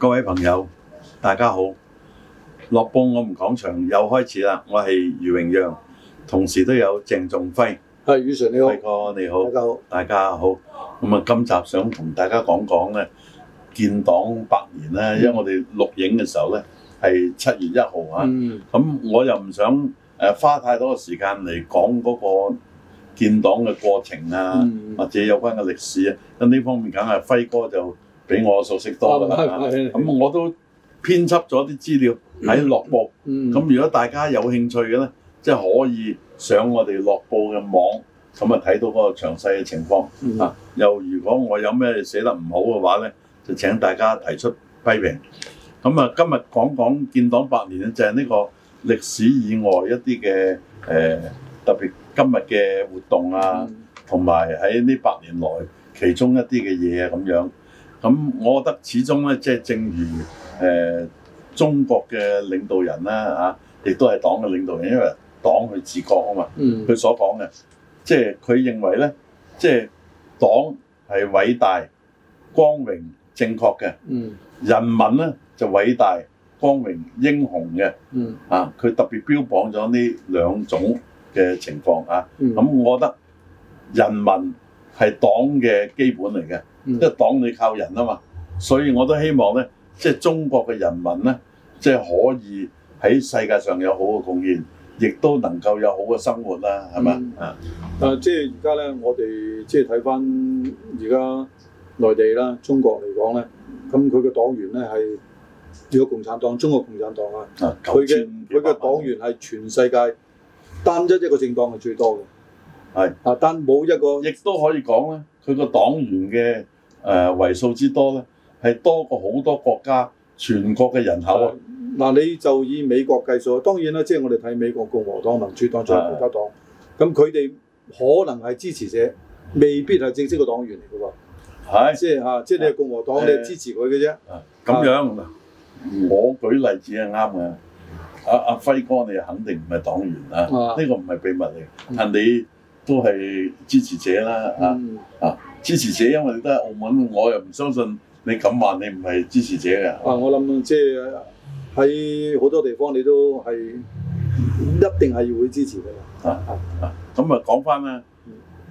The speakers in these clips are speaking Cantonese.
各位朋友，大家好！樂報我們講場又開始啦，我係余榮陽，同時都有鄭仲輝。阿宇 Sir 你好，輝哥你好，大家好，大家好。咁啊，今集想同大家講講咧建黨百年啦，嗯、因為我哋錄影嘅時候咧係七月一號啊，咁、嗯、我又唔想誒花太多嘅時間嚟講嗰個建黨嘅過程啊，嗯、或者有關嘅歷史啊，咁呢方面梗係輝哥就俾我熟悉多噶啦，咁我都編輯咗啲資料喺樂報。咁如果大家有興趣嘅呢，即係可以上我哋樂報嘅網，咁啊睇到嗰個詳細嘅情況啊。又如果我有咩寫得唔好嘅話呢，就請大家提出批評。咁啊，今日講講建黨百年啊，就係呢個歷史以外一啲嘅誒，特別今日嘅活動啊，同埋喺呢百年來其中一啲嘅嘢啊咁樣。咁我覺得始終咧，即、就、係、是、正如誒、呃、中國嘅領導人啦，嚇、啊，亦都係黨嘅領導人，因為黨佢治國啊嘛，佢、嗯、所講嘅，即係佢認為咧，即係黨係偉大、光榮、正確嘅，嗯、人民咧就偉大、光榮、英雄嘅、嗯啊，啊，佢特別標榜咗呢兩種嘅情況啊，咁我覺得人民。係黨嘅基本嚟嘅，即係、嗯、黨你靠人啊嘛，所以我都希望咧，即係中國嘅人民咧，即係可以喺世界上有好嘅貢獻，亦都能夠有好嘅生活啦，係咪？啊，誒，即係而家咧，我哋即係睇翻而家內地啦，中國嚟講咧，咁佢嘅黨員咧係，如果共產黨，中國共產黨啊，佢嘅佢嘅黨員係全世界單一一個政黨係最多嘅。係啊，但冇一個，亦都可以講咧。佢個黨員嘅誒為數之多咧，係多過好多國家全國嘅人口啊！嗱，你就以美國計數，當然啦，即係我哋睇美國共和黨、民主黨做國家黨。咁佢哋可能係支持者，未必係正式嘅黨員嚟嘅喎。係即係嚇，即係你共和黨，你支持佢嘅啫。咁樣啊，我舉例子係啱嘅。阿阿輝哥，你肯定唔係黨員啊？呢個唔係秘密嚟，但你。都係支持者啦，啊啊！支持者，因為你都係澳門，我又唔相信你咁話你唔係支持者嘅。啊，我諗即係喺好多地方你都係一定係會支持嘅。啊咁啊講翻啦，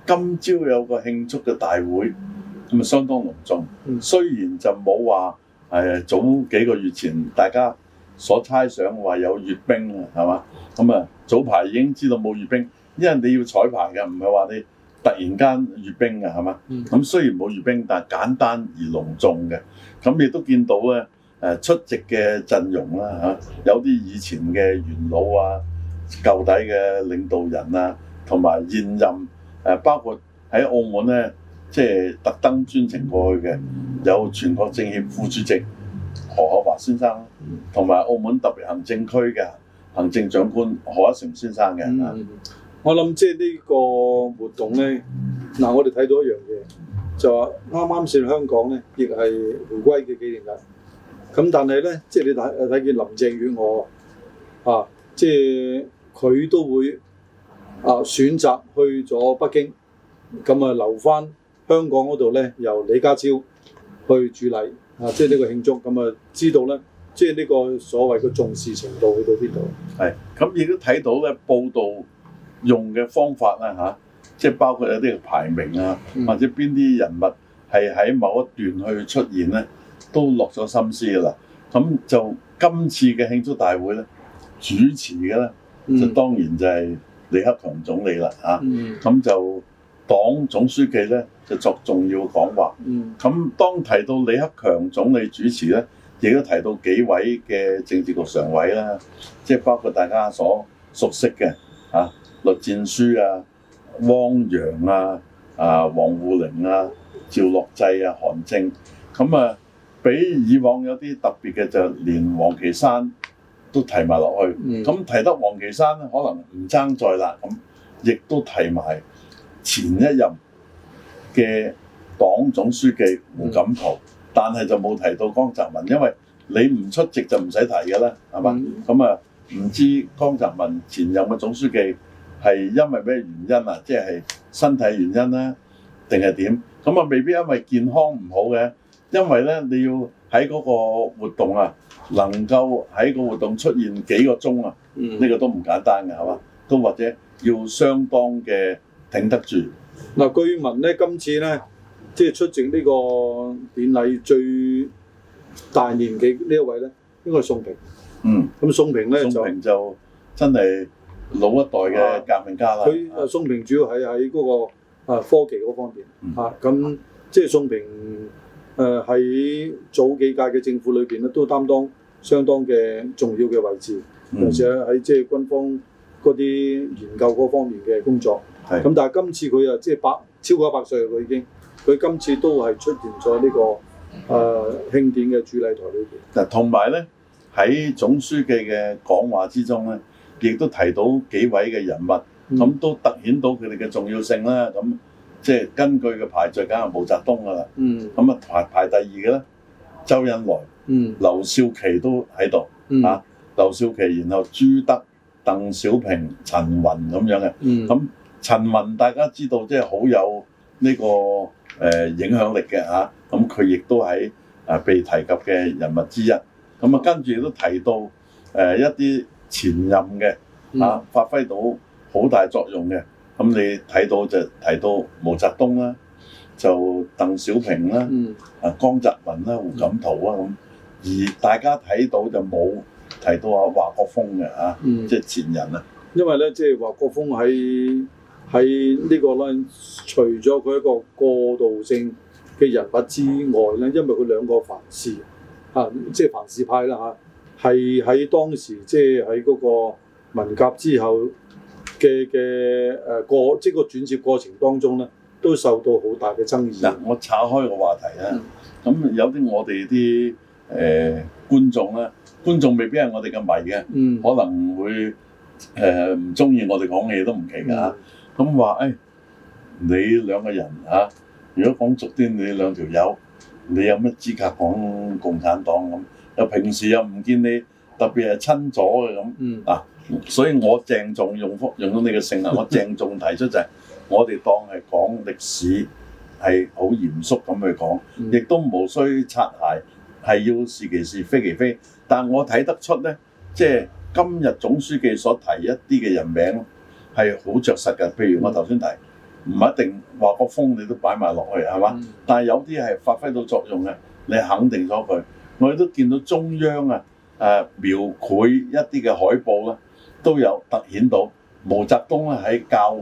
今朝有個慶祝嘅大會，咁啊相當隆重。雖然就冇話誒早幾個月前大家所猜想話有閱兵啦，係嘛？咁啊早排已經知道冇閱兵。因為你要彩排嘅，唔係話你突然間閱兵嘅，係嘛？咁、嗯嗯、雖然冇閱兵，但係簡單而隆重嘅。咁、嗯、亦都見到咧，誒、呃、出席嘅陣容啦嚇、啊，有啲以前嘅元老啊、舊底嘅領導人啊，同埋現任誒、啊，包括喺澳門咧、啊，即係特登專程過去嘅，有全國政協副主席何厚鏵先生，同埋、嗯、澳門特別行政區嘅行政長官賀一誠先生嘅。我諗即係呢個活動咧，嗱、啊、我哋睇到一樣嘢，就話啱啱先香港咧，亦係回歸嘅紀念日。咁但係咧，即係你睇睇見林鄭月娥啊，即係佢都會啊選擇去咗北京，咁啊留翻香港嗰度咧，由李家超去主禮啊，即係呢個慶祝。咁啊知道咧，即係呢個所謂嘅重視程度去到呢度？係咁亦都睇到咧報道。用嘅方法啦吓、啊，即係包括有啲排名啊，或者邊啲人物係喺某一段去出現咧，都落咗心思㗎啦。咁、啊、就今次嘅慶祝大會咧，主持嘅咧、嗯、就當然就係李克強總理啦吓，咁、啊嗯啊、就黨總書記咧就作重要講話。咁、嗯啊、當提到李克強總理主持咧，亦都提到幾位嘅政治局常委啦、啊，即係包括大家所熟悉嘅吓。啊《栗戰書啊啊》啊，《汪洋》啊，《啊王滬寧》啊，《趙樂際》啊，《韓正》咁啊，比以往有啲特別嘅就係連王岐山都提埋落去。咁、嗯、提得王岐山可能唔爭在啦。咁亦都提埋前一任嘅黨總書記胡錦濤，嗯、但係就冇提到江澤民，因為你唔出席就唔使提㗎啦，係嘛？咁、嗯、啊，唔知江澤民前任嘅總書記。係因為咩原因啊？即係身體原因啦，定係點？咁啊，未必因為健康唔好嘅，因為咧，你要喺嗰個活動啊，能夠喺個活動出現幾個鐘啊，嗯，呢個都唔簡單嘅，係嘛？都或者要相當嘅挺得住。嗱、嗯，據聞咧，今次咧，即係出席呢個典禮最大年紀呢一位咧，應該係宋平。嗯，咁宋平咧，宋平就真係，老一代嘅革命家啦，佢啊，宋平主要係喺嗰個啊科技嗰方面嚇，咁即係宋平誒喺早幾屆嘅政府裏邊咧，都擔當相當嘅重要嘅位置，而且喺即係軍方嗰啲研究嗰方面嘅工作。係咁，但係今次佢啊即係百超過一百歲，佢已經，佢今次都係出現咗呢個誒慶典嘅主禮台裏邊。嗱，同埋咧，喺總書記嘅講話之中咧。亦都提到幾位嘅人物，咁都突顯到佢哋嘅重要性啦。咁即係根據嘅排序，梗係毛澤東㗎啦。咁啊排排第二嘅咧，周恩來、嗯、劉少奇都喺度。嚇，劉少奇，然後朱德、鄧小平、陳雲咁樣嘅。咁、嗯、陳雲大家知道，即係好有呢個誒影響力嘅嚇、啊。咁佢亦都喺啊被提及嘅人物之一。咁啊跟住都提到誒一啲，前任嘅嚇、啊、發揮到好大作用嘅，咁、啊、你睇到就提到毛澤東啦，就鄧小平啦，嗯、啊江澤民啦、胡錦濤啊咁，而大家睇到就冇提到阿華國鋒嘅嚇，即係、嗯啊就是、前人啦。因為咧，即、就、係、是、華國鋒喺喺呢個咧，除咗佢一個過渡性嘅人物之外咧，因為佢兩個凡事嚇，即、啊、係、就是、凡事派啦嚇。啊。係喺當時，即係喺嗰個文革之後嘅嘅誒過，即係個轉接過程當中咧，都受到好大嘅爭議。嗱，我岔開個話題啦、啊。咁、嗯、有啲我哋啲誒觀眾咧，觀眾未必係我哋嘅迷嘅，嗯、可能會誒唔中意我哋講嘅嘢都唔奇㗎。咁話誒，你兩個人嚇、啊，如果講俗啲，你兩條友，你有乜資格講共產黨咁？又平時又唔見你特別係親咗嘅咁嗱，所以我鄭重用用到你嘅姓，啦。我鄭重提出就係、是， 我哋當係講歷史係好嚴肅咁去講，嗯、亦都無需擦鞋，係要是其是非其非。但我睇得出呢，即係今日總書記所提一啲嘅人名，係好着實嘅。譬如我頭先提，唔、嗯、一定話個風你都擺埋落去係嘛，嗯、但係有啲係發揮到作用嘅，你肯定咗佢。我哋都見到中央啊，誒、啊、描繪一啲嘅海報啦，都有突顯到毛澤東咧喺較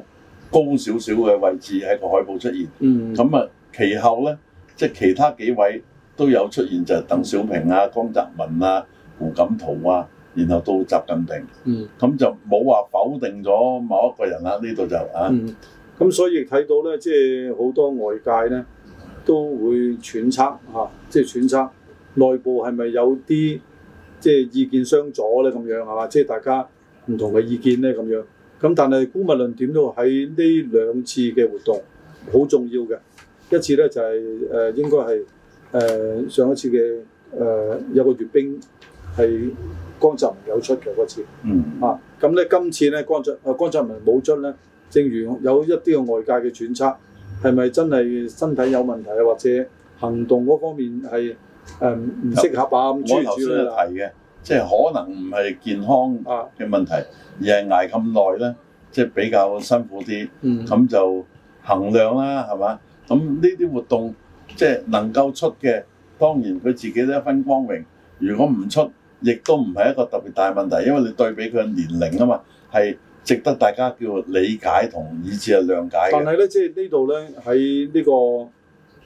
高少少嘅位置喺個海報出現。嗯。咁啊、嗯，其後咧，即係其他幾位都有出現，就係、是、鄧小平啊、江澤民啊、胡錦濤啊，然後到習近平。嗯。咁、嗯、就冇話否定咗某一個人啦，呢度就啊。咁、嗯、所以睇到咧，即係好多外界咧都會揣測嚇，即係揣測。就是內部係咪有啲即係意見相左咧？咁樣係、啊、嘛？即係大家唔同嘅意見咧？咁樣咁，但係沽物論點都喺呢兩次嘅活動好重要嘅。一次咧就係、是、誒、呃、應該係誒上一次嘅誒、呃、有個閱兵係江澤民有出嘅嗰次。嗯。啊，咁咧今次咧江澤啊江澤民冇出咧，正如有一啲嘅外界嘅揣測，係咪真係身體有問題啊？或者行動嗰方面係？誒唔、嗯、適合啊！主持人我頭先提嘅，即係主持人可能唔係健康嘅問題，啊、而係捱咁耐咧，即、就、係、是、比較辛苦啲。咁、嗯、就衡量啦，係嘛？咁呢啲活動即係、就是、能夠出嘅，當然佢自己都一分光榮。如果唔出，亦都唔係一個特別大問題，因為你對比佢嘅年齡啊嘛，係值得大家叫理解同以至係諒解嘅。但係咧，即、就、係、是、呢度咧，喺呢、這個。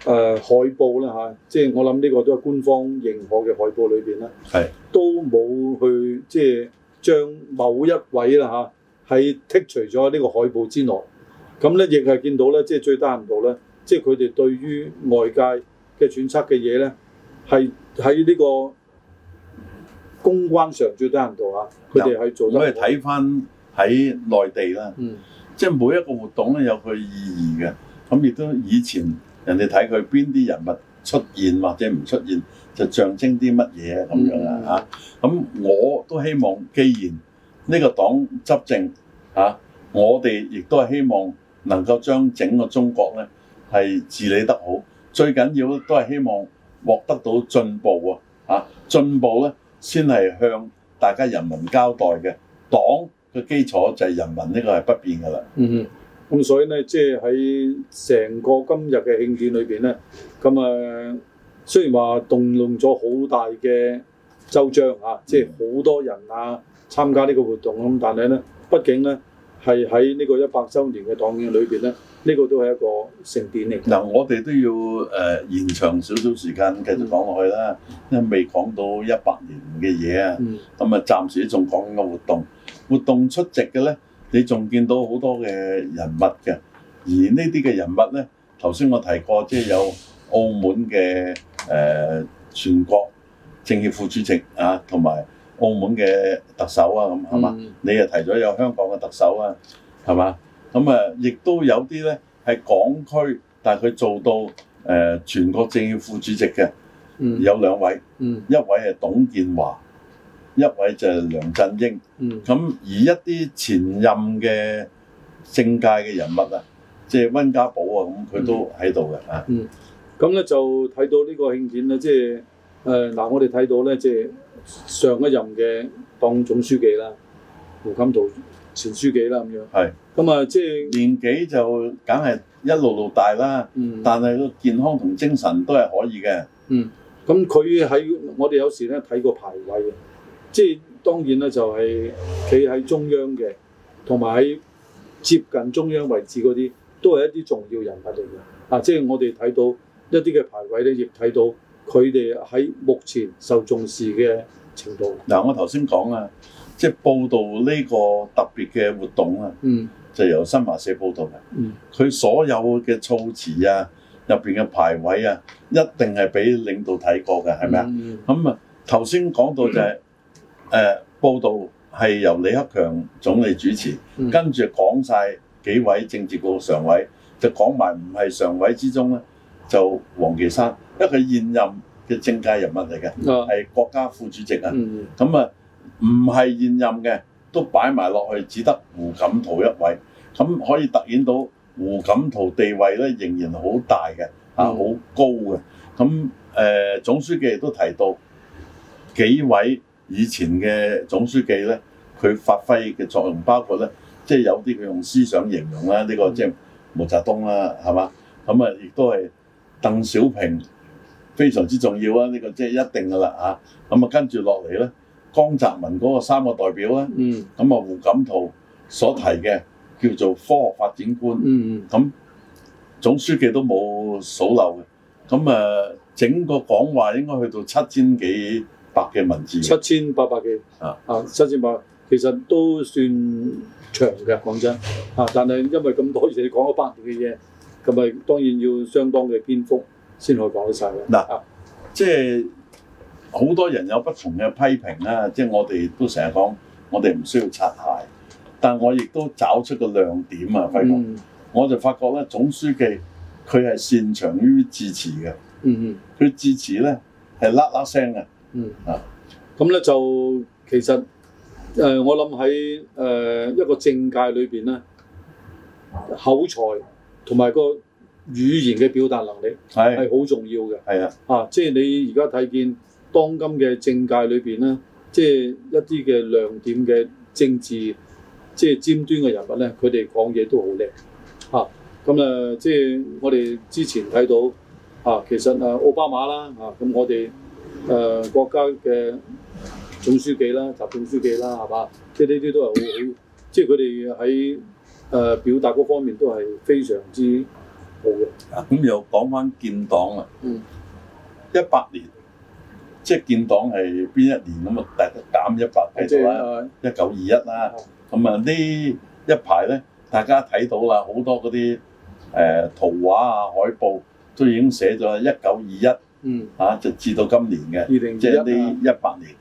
誒、呃、海報啦嚇、啊，即係我諗呢個都係官方認可嘅海報裏邊啦，係是都冇去即係將某一位啦嚇，係、啊、剔除咗呢個海報之內。咁咧亦係見到咧，即係最低限度咧，即係佢哋對於外界嘅揣測嘅嘢咧，係喺呢個公關上最低限度啊，佢哋係做咗，我哋睇翻喺內地啦，嗯、即係每一個活動咧有佢意義嘅，咁亦都以前。人哋睇佢邊啲人物出現或者唔出現，就象徵啲乜嘢咁樣、嗯、啊？嚇！咁我都希望，既然呢個黨執政嚇、啊，我哋亦都係希望能夠將整個中國咧係治理得好。最緊要都係希望獲得到進步啊！嚇，進步咧先係向大家人民交代嘅黨嘅基礎就係人民呢、呢個係不變噶啦。嗯哼。咁所以咧，即係喺成個今日嘅慶典裏邊咧，咁、嗯、啊，雖然話動用咗好大嘅周章啊，即係好多人啊參加呢個活動，咁但係咧，畢竟咧係喺呢個一百週年嘅黨慶裏邊咧，呢、這個都係一個盛典嚟。嗱，我哋都要誒、呃、延長少少時間繼續講落去啦，嗯、因為未講到一百年嘅嘢啊，咁啊暫時仲講緊個活動，活動出席嘅咧。你仲見到好多嘅人物嘅，而呢啲嘅人物呢，頭先我提過，即係有澳門嘅誒全國政協副主席啊，同埋澳門嘅特首啊，咁係嘛？嗯、你又提咗有香港嘅特首啊，係嘛？咁啊、嗯，亦、嗯、都有啲呢，係港區，但係佢做到誒全國政協副主席嘅，嗯、有兩位，嗯、一位係董建華。一位就係梁振英，咁、嗯、而一啲前任嘅政界嘅人物啊，即係温家寶啊，咁佢都喺度嘅嚇。嗯，咁咧吧、嗯、就睇到，就是呃、到呢個慶典咧，即係誒嗱，我哋睇到咧，即係上一任嘅黨總書記啦，胡錦濤前書記啦，咁樣是。係、就是。咁啊，即係年紀就梗係一路路大啦。嗯。但係個健康同精神都係可以嘅。嗯。咁佢喺我哋有時咧睇過排位嘅。即係當然啦，就係企喺中央嘅，同埋喺接近中央位置嗰啲，都係一啲重要人物嚟嘅。啊，即係我哋睇到一啲嘅排位咧，亦睇到佢哋喺目前受重視嘅程度。嗱、呃，我頭先講啊，即係報道呢個特別嘅活動啊，嗯，就由新華社報道嘅，嗯，佢所有嘅措辭啊，入邊嘅排位啊，一定係俾領導睇過嘅，係咪啊？咁啊、嗯，頭先講到就係。嗯誒、呃、報道係由李克強總理主持，嗯、跟住講晒幾位政治局常委，就講埋唔係常委之中咧，就王岐山，因為佢現任嘅政界人物嚟嘅，係、啊、國家副主席啊。咁啊，唔係現任嘅都擺埋落去，只得胡錦濤一位。咁可以突顯到胡錦濤地位咧仍然好大嘅，嚇好、嗯啊、高嘅。咁、嗯、誒、呃、總書記亦都提到幾位。以前嘅總書記咧，佢發揮嘅作用包括咧，即、就、係、是、有啲佢用思想形容啦，呢、這個即係毛澤東啦，係嘛？咁啊，亦都係鄧小平非常之重要、這個、啊，呢個即係一定㗎啦啊！咁啊，跟住落嚟咧，江澤民嗰個三個代表咧，咁啊、嗯，胡錦濤所提嘅叫做科學發展觀，咁、嗯、總書記都冇數漏嘅。咁啊，整個講話應該去到七千幾。百嘅文字七、啊啊，七千八百字啊！啊，七千八，其實都算長嘅。講真啊，但係因為咁多你講咗百年嘅嘢，咁咪當然要相當嘅篇幅先可以講得晒。嗱、啊，啊、即係好多人有不同嘅批評啦、啊，即係我哋都成日講，我哋唔需要擦鞋，但我亦都找出個亮點啊，輝哥。嗯、我就發覺咧，總書記佢係擅長於致詞嘅。嗯哼，佢致詞咧係啦啦聲嘅。嗯啊，咁咧就其實誒、呃，我諗喺誒一個政界裏邊咧，啊、口才同埋個語言嘅表達能力係係好重要嘅。係啊，啊即係你而家睇見當今嘅政界裏邊咧，即係一啲嘅亮點嘅政治即係尖端嘅人物咧，佢哋講嘢都好叻嚇。咁、啊、誒、嗯啊，即係我哋之前睇到嚇、啊，其實啊，奧巴馬啦嚇，咁、啊、我哋。誒、呃、國家嘅總書記啦、習總書記啦，係嘛？即係呢啲都係好好， 即係佢哋喺誒表達嗰方面都係非常之好嘅。啊，咁又講翻建黨啦。嗯。一八年，即係建黨係邊一年咁啊？大家減一百係度啦，一九二一啦。咁啊，呢一排咧，大家睇到啦，好多嗰啲誒圖畫啊、海報都已經寫咗一九二一。嗯，嚇、啊、就至到今年嘅，即係啲一八年。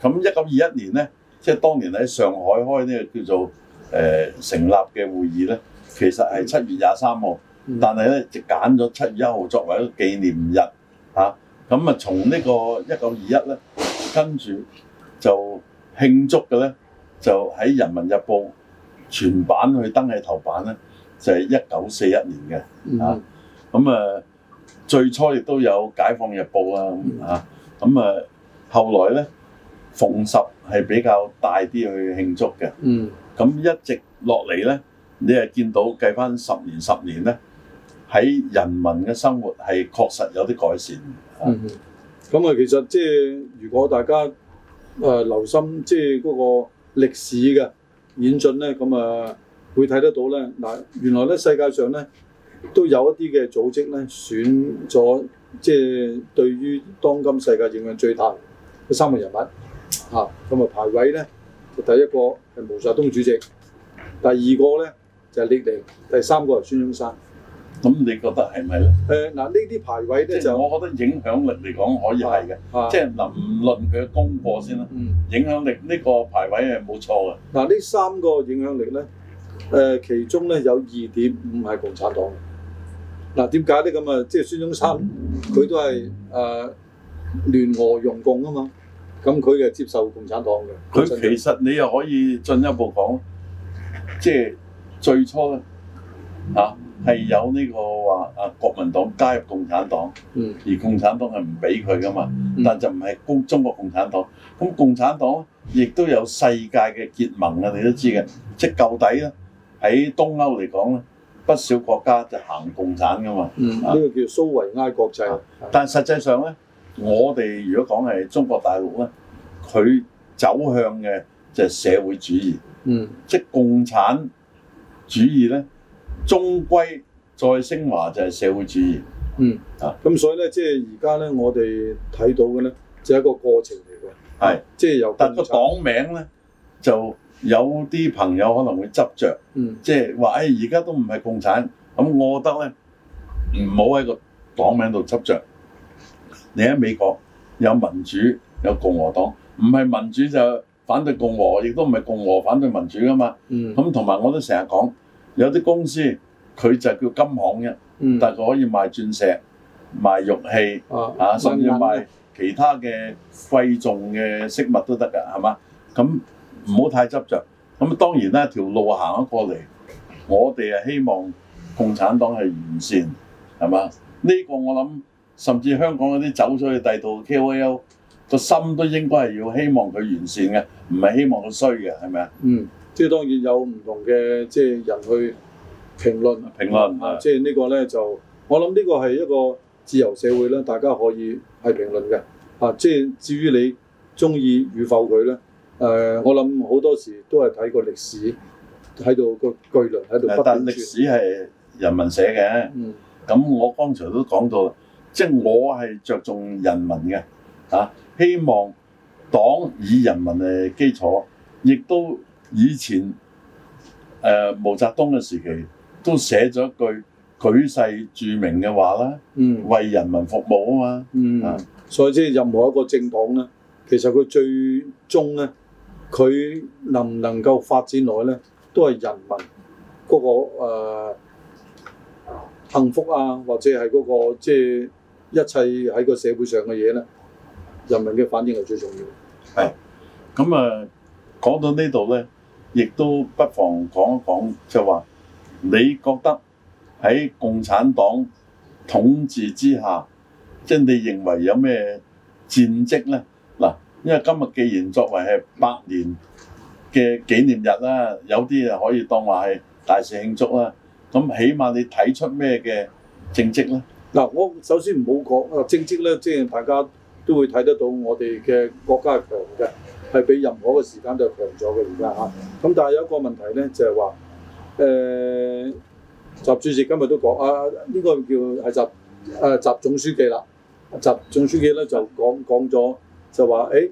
咁一九二一年咧，即、就、係、係、當年喺上海開呢個叫做誒、呃、成立嘅會議咧，其實係七月廿三號，嗯、但係咧就揀咗七月一號作為一個紀念日嚇。咁啊，從呢個一九二一咧，跟住就慶祝嘅咧，就喺《人民日報》全版去登喺頭版咧，就係一九四一年嘅嚇。咁啊～最初亦都有《解放日報》啊咁啊，咁啊，後來咧，逢十係比較大啲去慶祝嘅。嗯，咁一直落嚟咧，你係見到計返十年、十年咧，喺人民嘅生活係確實有啲改善。嗯，咁啊，其實即係如果大家誒留心即係嗰個歷史嘅演進咧，咁啊會睇得到咧。嗱，原來咧，世界上咧，都有一啲嘅組織咧，選咗即係對於當今世界影響最大嘅三個人物嚇，咁啊排位咧，第一個係毛澤東主席，第二個咧就係列寧，第三個係孫中山。咁你覺得係咪係咧？誒嗱，呢啲排位咧就我覺得影響力嚟講可以係嘅，即係唔論佢嘅功過先啦。嗯，影響力呢個排位係冇錯嘅。嗱，呢三個影響力咧，誒、呃、其中咧有二點五係共產黨嗱，點解咧咁啊？即係孫中山佢都係誒、呃、聯俄容共啊嘛，咁佢就接受共產黨嘅。佢其實你又可以進一步講，即係最初咧嚇係有呢、這個話啊國民黨加入共產黨，嗯、而共產黨係唔俾佢噶嘛。但就唔係中中國共產黨。咁共產黨亦都有世界嘅結盟啊，你都知嘅，即係舊底啦，喺東歐嚟講咧。不少國家就行共產噶嘛，呢、嗯啊、個叫蘇維埃國際。啊、但係實際上咧，嗯、我哋如果講係中國大陸咧，佢走向嘅就係社會主義，嗯、即係共產主義咧，終歸再升華就係社會主義。嗯，咁、啊、所以咧，即係而家咧，我哋睇到嘅咧，就係一個過程嚟嘅。係是、啊，即係由。但個黨名咧就。有啲朋友可能會執著，即係話，誒而家都唔係共產，咁我覺得咧唔好喺個黨名度執著。你喺美國有民主，有共和黨，唔係民主就反對共和，亦都唔係共和反對民主㗎嘛。咁同埋我都成日講，有啲公司佢就叫金行嘅，但係佢可以賣鑽石，賣玉器啊，甚至賣其他嘅貴重嘅飾物都得㗎，係嘛？咁唔好太執着。咁當然啦，條路行咗過嚟，我哋係希望共產黨係完善，係嘛？呢個我諗，甚至香港嗰啲走咗去第二度 KOL，個心都應該係要希望佢完善嘅，唔係希望佢衰嘅，係咪啊？嗯，即係當然有唔同嘅即係人去評論評論啊，即係、嗯、呢個咧就我諗呢個係一個自由社會啦，大家可以係評論嘅啊，即係至於你中意與否佢咧。誒，uh, 我諗好多時都係睇過歷史喺度個巨輪喺度不斷轉。但歷史係人民寫嘅。咁、嗯、我剛才都講到即係我係着重人民嘅嚇、啊，希望黨以人民為基礎。亦都以前誒、呃、毛澤東嘅時期都寫咗一句舉世著名嘅話啦，為人民服務啊嘛。嗯。啊、嗯，所以即係任何一個政黨咧，其實佢最終咧。佢能唔能夠發展落去咧，都係人民嗰、那個、呃、幸福啊，或者係嗰、那個即係、就是、一切喺個社會上嘅嘢咧，人民嘅反應係最重要。係，咁、嗯、啊講到呢度咧，亦都不妨講一講，就話、是、你覺得喺共產黨統治之下，即、就、係、是、你認為有咩戰績咧？因為今日既然作為係百年嘅紀念日啦，有啲啊可以當話係大事慶祝啦。咁起碼你睇出咩嘅政績咧？嗱，我首先唔好講啊，政績咧即係大家都會睇得到，我哋嘅國家強嘅係比任何嘅時間都係強咗嘅而家嚇。咁但係有一個問題咧，就係話誒習主席今日都講啊，呢個叫係習誒習總書記啦，習總書記咧就講講咗。就話誒，誒、欸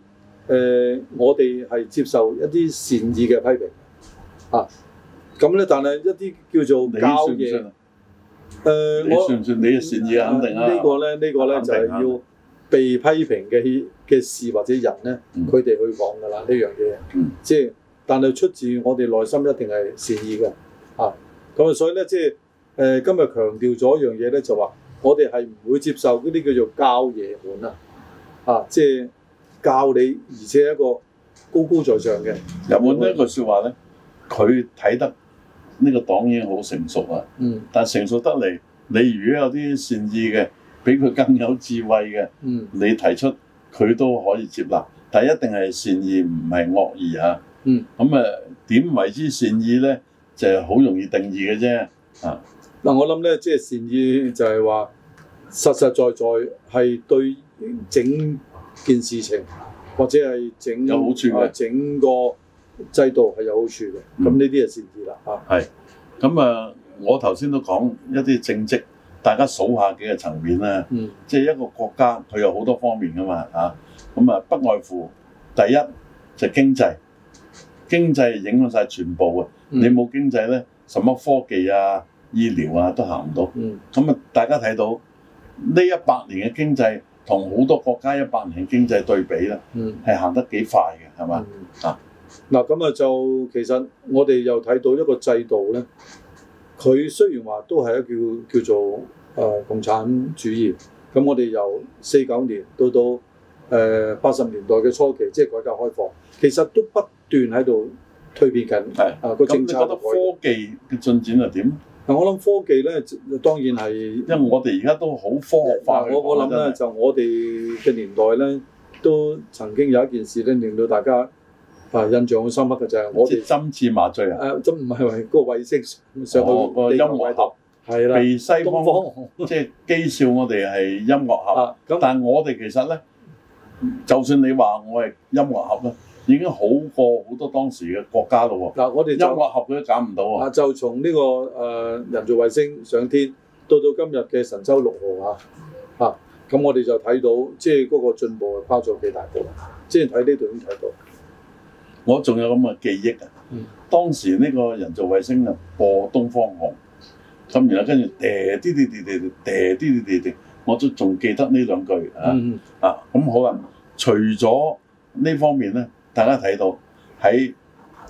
呃、我哋係接受一啲善意嘅批評，啊，咁咧，但係一啲叫做教嘢，誒我算唔算、呃、算、算你嘅善意啊？肯定啊！嗯這個、呢、這個咧，呢個咧就係要被批評嘅嘅事或者人咧，佢哋去講噶啦呢樣嘢。即係、啊、但係出自於我哋內心一定係善意嘅，啊，咁啊，所以咧即係誒今日強調咗一樣嘢咧，就話、是、我哋係唔會接受嗰啲叫做教嘢款啊，啊，即、啊、係。就是教你而且一個高高在上嘅，日本呢一個説話咧？佢睇得呢個黨已經好成熟啦。嗯，但成熟得嚟，你如果有啲善意嘅，比佢更有智慧嘅，嗯，你提出佢都可以接納，但係一定係善意唔係惡意、嗯、啊。嗯，咁啊點為之善意咧？就係、是、好容易定義嘅啫。啊，嗱、嗯、我諗咧，即、就、係、是、善意就係話實實在在係對整。件事情或者係整有好處、啊、整個制度係有好處嘅，咁呢啲係先知啦嚇。係，咁啊，uh, 我頭先都講一啲政績，大家數下幾個層面啦。嗯、即係一個國家佢有好多方面噶嘛嚇。咁啊，不外乎第一就係、經濟，經濟影響晒全部嘅。嗯、你冇經濟咧，什麼科技啊、醫療啊都行唔到。嗯，咁啊，大家睇到呢一百年嘅經濟。同好多國家一百年經濟對比咧，係、嗯、行得幾快嘅，係嘛？嗱嗱咁啊，就其實我哋又睇到一個制度咧，佢雖然話都係一個叫叫做誒、呃、共產主義，咁我哋由四九年到到誒八十年代嘅初期，即、就、係、是、改革開放，其實都不斷喺度推變緊，啊個的、呃、政策，科技嘅進展係點？嗱，我諗科技咧，當然係，因為我哋而家都好科學化。嗱，我我諗咧，我呢的就我哋嘅年代咧，都曾經有一件事咧，令到大家啊印象好深刻嘅就係、是、我哋針刺麻醉啊！誒，針唔係為個衛星上個音樂盒，被西方即係譏笑基少我哋係音樂盒。啊、但係我哋其實咧，就算你話我係音樂盒咧。已經好過好多當時嘅國家咯。嗱，我哋一握合佢都減唔到啊！就從呢個誒人造衛星上天到到今日嘅神舟六號啊啊！咁我哋就睇到即係嗰個進步係跨咗幾大步。即係睇呢度已經睇到，我仲有咁嘅記憶啊！當時呢個人造衛星啊播《東方紅》，咁然後跟住嗲啲啲啲啲啲嗲啲啲啲，我都仲記得呢兩句啊啊！咁好啦，除咗呢方面咧。大家睇到喺誒、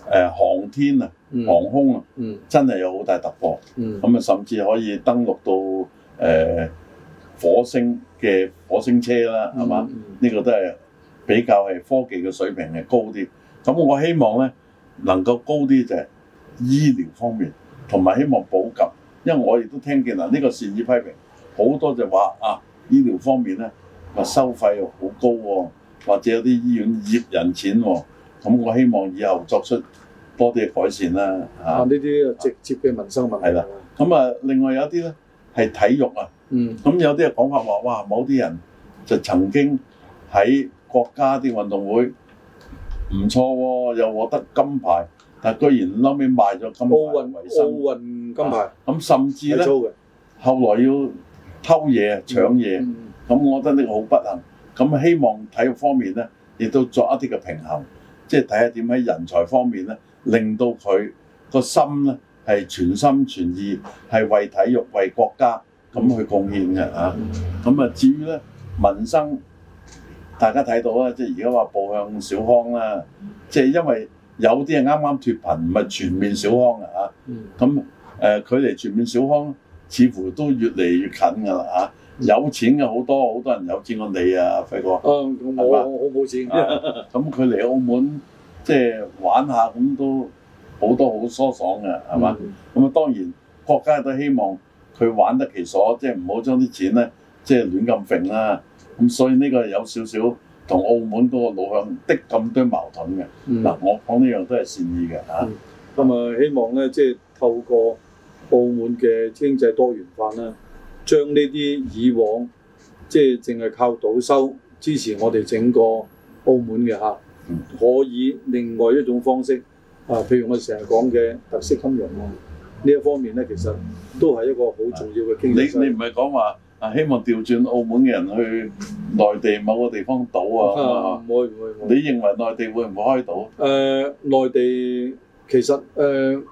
呃、航天啊、航空啊，嗯、真係有好大突破。咁啊、嗯，甚至可以登陸到誒、呃、火星嘅火星車啦、啊，係嘛、嗯？呢吧個都係比較係科技嘅水平係高啲。咁我希望咧能夠高啲就係醫療方面，同埋希望補及，因為我亦都聽見嗱，呢、這個善意批評好多就話啊，醫療方面咧話收費又好高喎、啊。或者有啲醫院摺人錢喎、哦，咁我希望以後作出多啲嘅改善啦。啊，呢啲、啊啊、直接嘅民生問題。係啦、啊，咁、嗯、啊，另外有一啲咧係體育啊，嗯，咁、嗯、有啲嘅講法話，哇，某啲人就曾經喺國家啲運動會唔錯喎、哦，又獲得金牌，但居然後屘賣咗金牌奧，奧運金牌。咁、啊嗯、甚至咧，後來要偷嘢搶嘢，咁我覺得好不幸。咁希望體育方面咧，亦都作一啲嘅平衡，即係睇下點喺人才方面咧，令到佢個心咧係全心全意係為體育、為國家咁去貢獻嘅嚇。咁啊至於咧民生，大家睇到啦，即係而家話步向小康啦，即係因為有啲係啱啱脫貧，唔係全面小康啦嚇。咁、啊、誒，距離、呃、全面小康似乎都越嚟越近㗎啦嚇。啊有錢嘅好多，好多人有錢過你啊，輝哥。嗯、啊吧，我好冇錢。咁佢嚟澳門即係玩下，咁都好多好疏爽嘅，係嘛？咁啊、嗯，當然國家都希望佢玩得其所，即係唔好將啲錢咧，即係亂咁揈啦。咁、嗯、所以呢個有少少同澳門嗰個老鄉的咁多矛盾嘅。嗱、嗯，我講呢樣都係善意嘅嚇。咁啊，嗯、係係希望咧即係透過澳門嘅經濟多元化啦。將呢啲以往即係淨係靠賭收支持我哋整個澳門嘅嚇，嗯、可以另外一種方式啊，譬如我成日講嘅特色金融喎。呢一方面咧，其實都係一個好重要嘅經濟、啊。你你唔係講話啊？希望調轉澳門嘅人去內地某個地方賭啊？唔會唔會？會會，你認為內地會唔會開賭？誒、呃，內地其實誒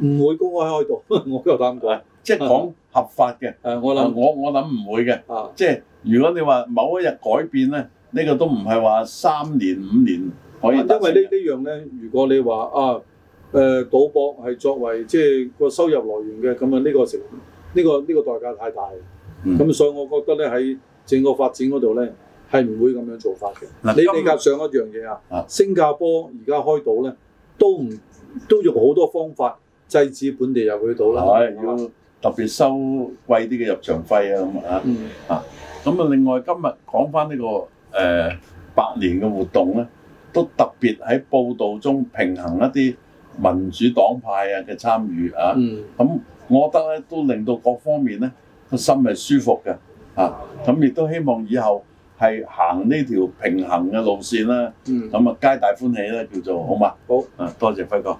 唔、呃、會公開開賭， 我都有唔到。即係講。合法嘅，我我諗唔會嘅，即係如果你話某一日改變咧，呢個都唔係話三年五年可以。因為呢呢樣咧，如果你話啊，誒賭博係作為即係個收入來源嘅，咁啊呢個成呢個呢個代價太大。咁所以我覺得咧喺整個發展嗰度咧，係唔會咁樣做法嘅。你比較上一樣嘢啊，新加坡而家開賭咧，都唔都用好多方法制止本地入去賭啦。係要。特別收貴啲嘅入場費啊咁啊，啊咁、嗯、啊！另外今日講返呢個誒、呃、百年嘅活動咧，都特別喺報導中平衡一啲民主黨派啊嘅參與啊，咁、嗯啊嗯、我覺得咧都令到各方面咧個心係舒服嘅啊，咁、啊、亦、嗯嗯、都希望以後係行呢條平衡嘅路線啦、啊，咁、嗯、啊皆大歡喜啦，叫做、嗯、好嘛嗎？好啊，多謝輝哥。